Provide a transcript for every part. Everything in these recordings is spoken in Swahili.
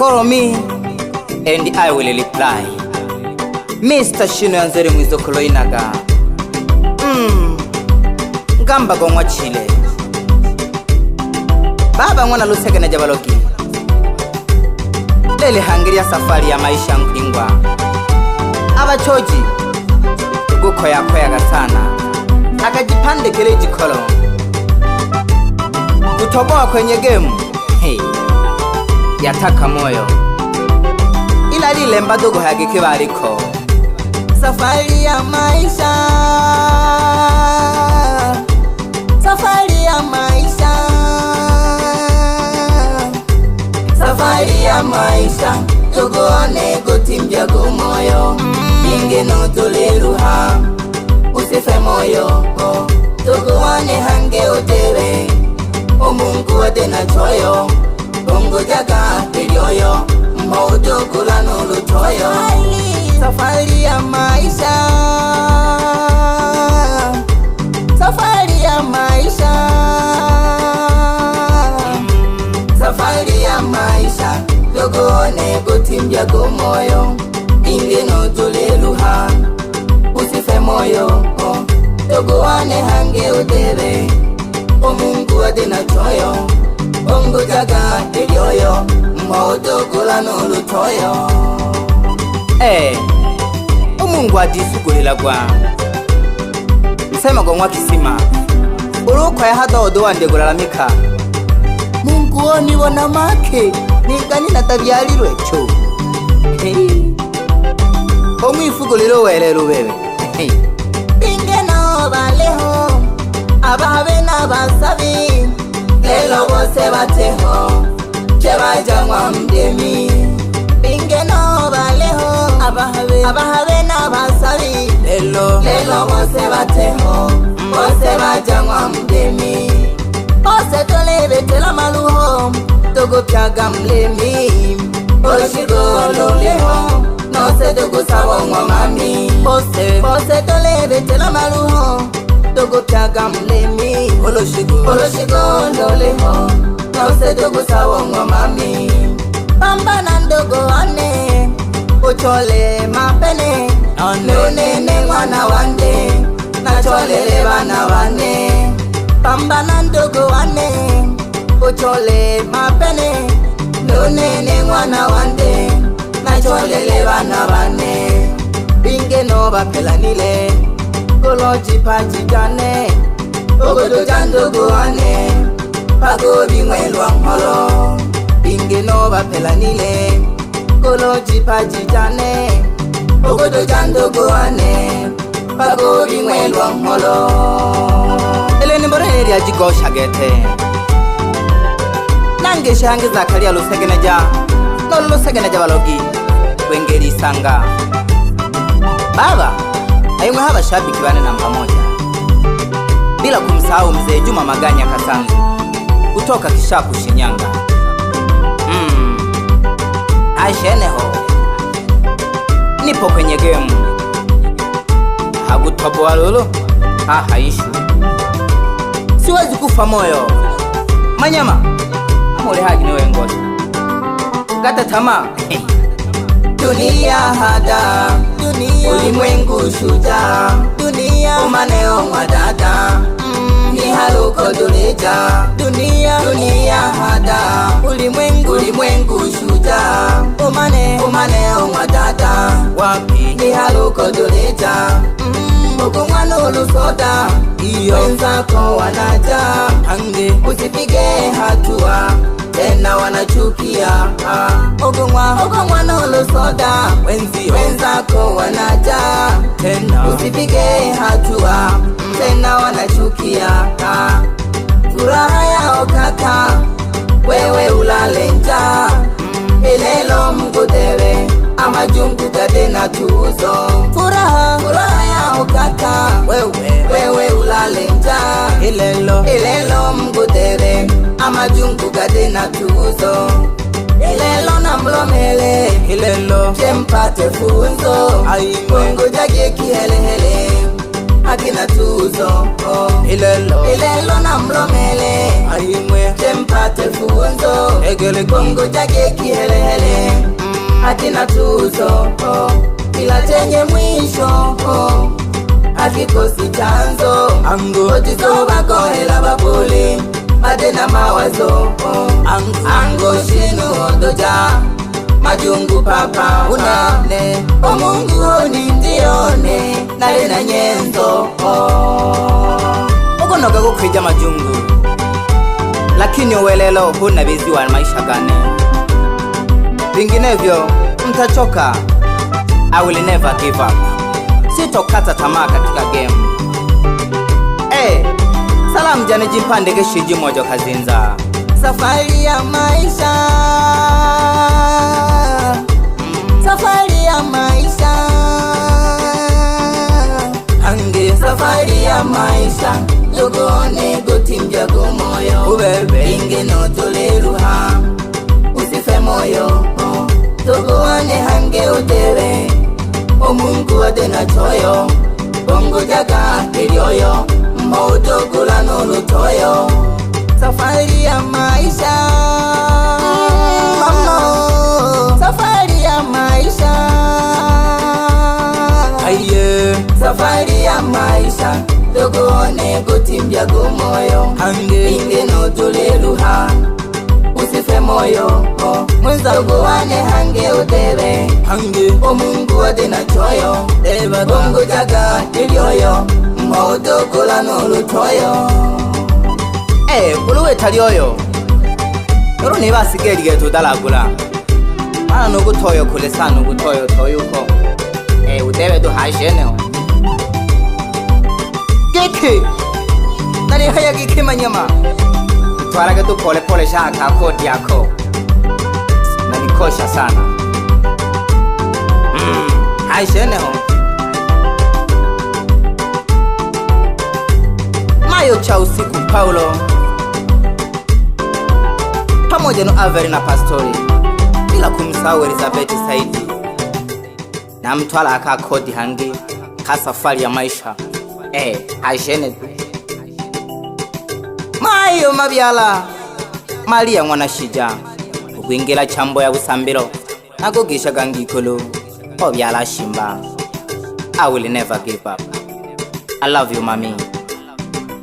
Call me and I will reply. Mr. Shino mwizo kolo inaga mm. ngamba gongwa chile baba ng'wana luseke na jabaloki lelihangiria safari ya maisha mpingwa abachoji Aka sana akajipandekele jikolo kutoboa kwenye gemu yataka moyo ila lilemba tuguhaga ikibariko safari ya maisha safari ya maisha safari ya maisha tuguone gutimbya gumoyo ingino tuliruha usife moyo oh. tuguone hange utere umungu watenachoyo ngojaga pelioyo mbaotokolano lutoyo safari ya maisha safari ya maisha safari ya maisha togone kutimbyago moyo ingeno toleluha usife moyo oh. togowane hange udere omungu adina choyo bongo jaga elioyo mmaodogola n'olutoyo ee omungu adisugulela gwa msema gwa kisima ulukwaya hata odowa gulalamika mungu woniwona make ningani natavyalilweco omwifugulile uwele lubebe ingenoobaleho abahave n'abasabi lelo vose vateho cevajangwa mndemi ingenovaleho avahave na vasavi lelo vose vateho vose vajangwa mndemi ose tolevetela maluho tokopyaga mlemi ocikololeho nose tokusavongwa mami ose tolevetela maluho togotaga mulemi oloshikondoleho nause togosawongo ndogo ane ochole mapene nonene mwana wange nacholele bana bane bamba ndogo ane ochole mapene nonene mwana wange nacholele bana bane bingeno bapelanile ekoloji pajidane ogodo jandogo ane pagobinwelwa nkolo ingeno bapelanile koloji pajidane ogodo jandogo ane pagobinwelwa nkolo elenimboreheri ajigoshagete nangeshange zakaria lusegeneja nolulusegeneja balogi kwengeli isanga baba Haimwe haba shabiki bane namba moja, bila kumsahau mzee Juma Maganya Kasanzu kutoka Kishapu, Shinyanga. Mm. Asheneho nipo kwenye gemu hagutoboa hahaishu, siwezi kufa moyo manyama amulehaji niwengoza gata tamaa dunia hada dunia, ulimwengu shuta dunia, umaneo mwadada mm, ni haluko duleja dunia, dunia hada ulimwengu, ulimwengu shuta umane, umaneo mwadada wapi ni haluko duleja mm, ukumwana ulusoda iyo wenzako wanaja ange usipige hatua tena wanachukia ogongwa ah, ogongwa na olosoda wenzi wenzako wanaja tena usipige hatua tena wanachukia ah, furaha yao kaka wewe ulale njaa ilelo mgudewe amajunguta tena tuzo furaha furaha yao kaka wewe wewe ulale njaa elelo ilelo mgudewe amajungu gade na tuzo ilelo na mlomele ilelo jempate funzo aimwengoja giekihelehele akina tuzo ilelo ilelo na mlomele aimwe jempate funzo egele kongoja giekihelehele mm. akina tuzo kila chenye mwisho oh. akikosi chanzo ango otizobakohela babuli ya mawazo ango shinu ondoja majungu papa unene omungu oni ndione nali na nyenzo ugonoga gukwija majungu lakini uwelelo huna bizi wa maisha gani vinginevyo mtachoka I will never give up sitokata tamaa katika game Pambya n'igipande gishije imodoka zinza safari ya maisha safari ya maisha hange safari ya maisha yogone gutimbya g'umwoyo ubebe ingeno tuleruha usife moyo tugone hange udebe omungu wade na choyo bongo jaga ilyoyo utogulana olutoyo safari ya maisha mama safari ya maisha aiye safari ya maisha tuguone gutimbya ingenotuliluha usife moyo mwenzangu wane hange udebe hange omungu wade na choyo deba gongo jaga lilyoyo mwaudokula nolutoyo ee kuluweta lyoyo lolo ne basigelige tudalagula mana nugutoyo kulesa nugutoyo toyuko ee udebe tuhasheneho Nani haya giki manyama twaraga dupole pole shaka kodi yako kosha sana mm. aisheneho mayo cha usiku Paulo pamoja no Avery na Pastori, bila kumsahau Elizabeth Saidi na mtwala aka kodi hangi ka safari ya maisha eh, aishene mayo mabyala Maria mwana shija kwingela chambo ya usambiro nagogisha gangikolo ovyala shimba i will never give up i love you mami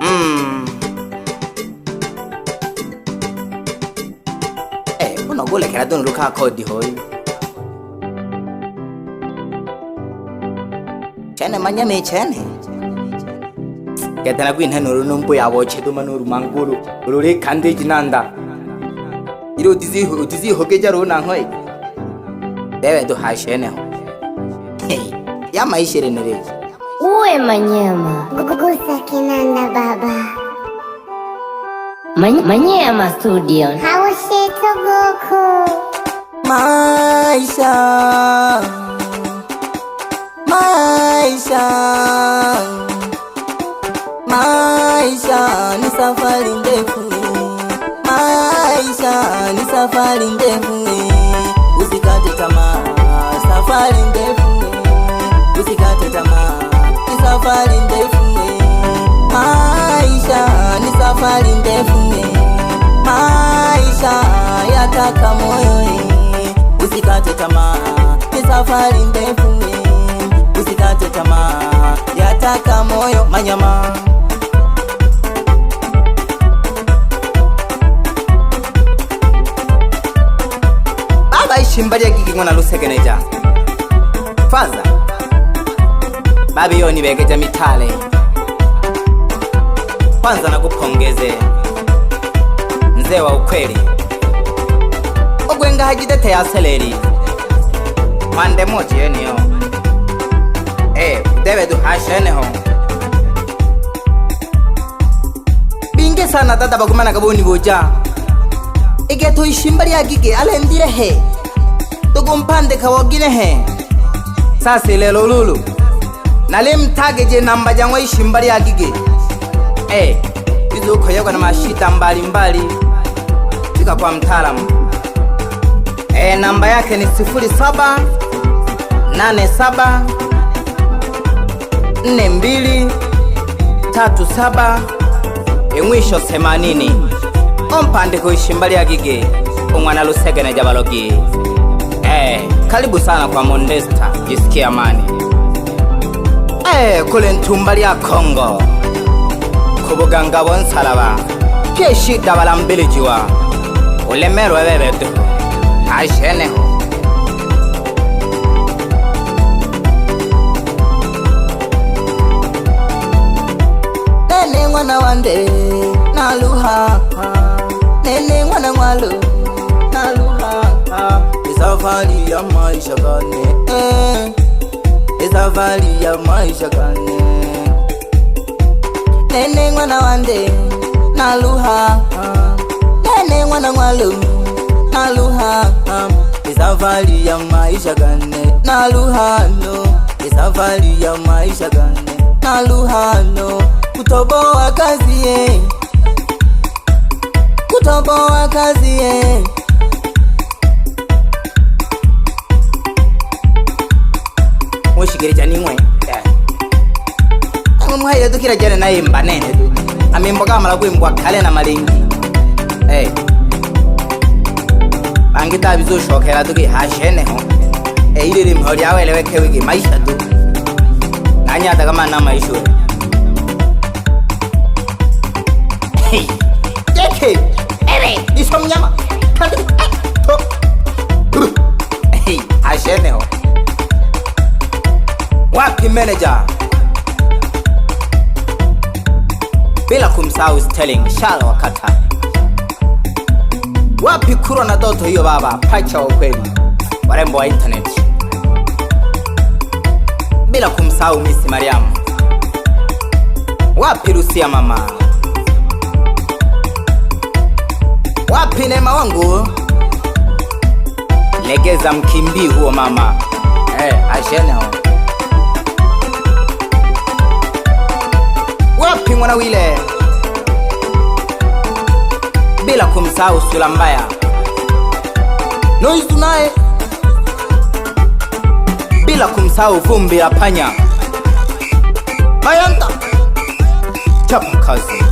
mm. eh unogolekela doni luka akodi hoyu chene manyame chene ketena kwinhenolo nombo yavo chetomanorumangulu ololekandejinanda ujye utizihoga ijya runankoye wewe ndo hasheneho yamaisherenereje uwe manyema gusa kinanda baba Man, manyema studio hawashetogoko maisha safari ndefu, usikate tamaa, safari ndefu, usikate tamaa, ni safari ndefu, maisha ni safari ndefu, maisha yataka moyo, usikate tamaa, ni safari ndefu, usikate tamaa, yataka moyo manyama chimba chakiking'ona lusekenecha faza babiyoni vekecha mithale kwanza nakupongeze mzee wa ukweli ogwenga hajidete yaseleli mwande mochi yeniyo e deve duhasheneho binge sana tata bakumana kaboni boja igetu ishimba lyagige alendirehe tukumpandika he sasa lelo lulu je namba jangwe ishimba lyagige e izukoyegwa na mashita mbalimbali fika kwa mtaalamu e namba yake ni sifuri saba nane saba nne mbili tatu saba imwisho e themanini ompandiko ishimba lyagige umwana lusegene jabalogi Hey, eh, karibu sana kwa Mondesta, jisikie amani. Hey, eh, kule ntumba lya Kongo kubuganga buganga bw'onsalaba pyeshi dabala mbilijiwa ulemerwe bebeduhu ajeneho nene mwana wande naluha safari ya maisha gani? eh, safari ya maisha gani? nene mwana wande na luha nene mwana mwalu na luha e safari ya maisha gani? na luhano e safari ya maisha gani? na luha no kutoboa kazi ye eh. kutoboa kazi ye eh. mushigereja ninywe kumweye tukirajane naye mba nene tu amimbo kamala kwimbwa kale na malingi hey. bangita bizoshokera tukihasheneho hey, ili limho lyawe eleweke wiki maisha tu nanyata kama na maishure hey. jeke ere iso mnyama hasheneho wapi manager Bila kumsahau stelling Shala wakata, wapi kura na Doto, hiyo baba pacha wa ukweli, warembo wa internet, bila kumsahau Miss Mariam, wapi Rusia mama, wapi Neema wangu, legeza mkimbii huo mama, hey, eh, asheneo wile, bila kumsahau Sula Mbaya Noise tunaye, bila kumsahau Vumbi la Panya Bayanta. Chapa kazi,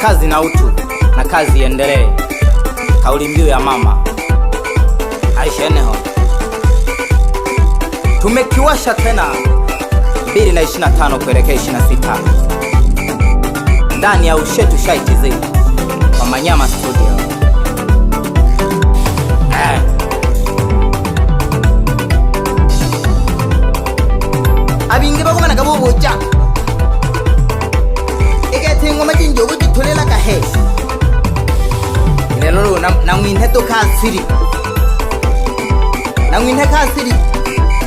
kazi na utu na kazi iendelee, kauli mbiu ya mama Aisha Eneho. Tumekiwasha tena 2025 kuelekea 26 ndani ya Ushetu Shai kwa Manyama Studio. Eh. abingi bakumana kabubuja igeta ingoma jinjogu kasiri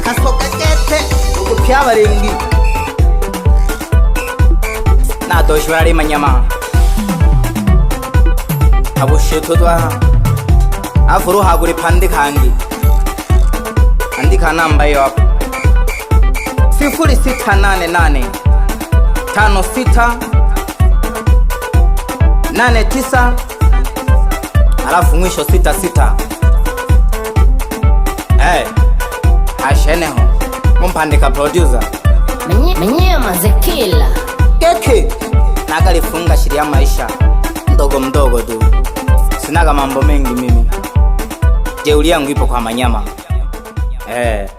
kasoka ukupya barengi natoshi bararima nyama abushitutwa andika namba hiyo sifuri sita nane nane tano sita nane tisa alafu mwisho sita sita mweneho mumpandika producer menyema zekila keke nakalifunga shiri ya maisha mdogo mdogo tu sinaga mambo mengi mimi jeuli yangu ipo kwa manyama eh.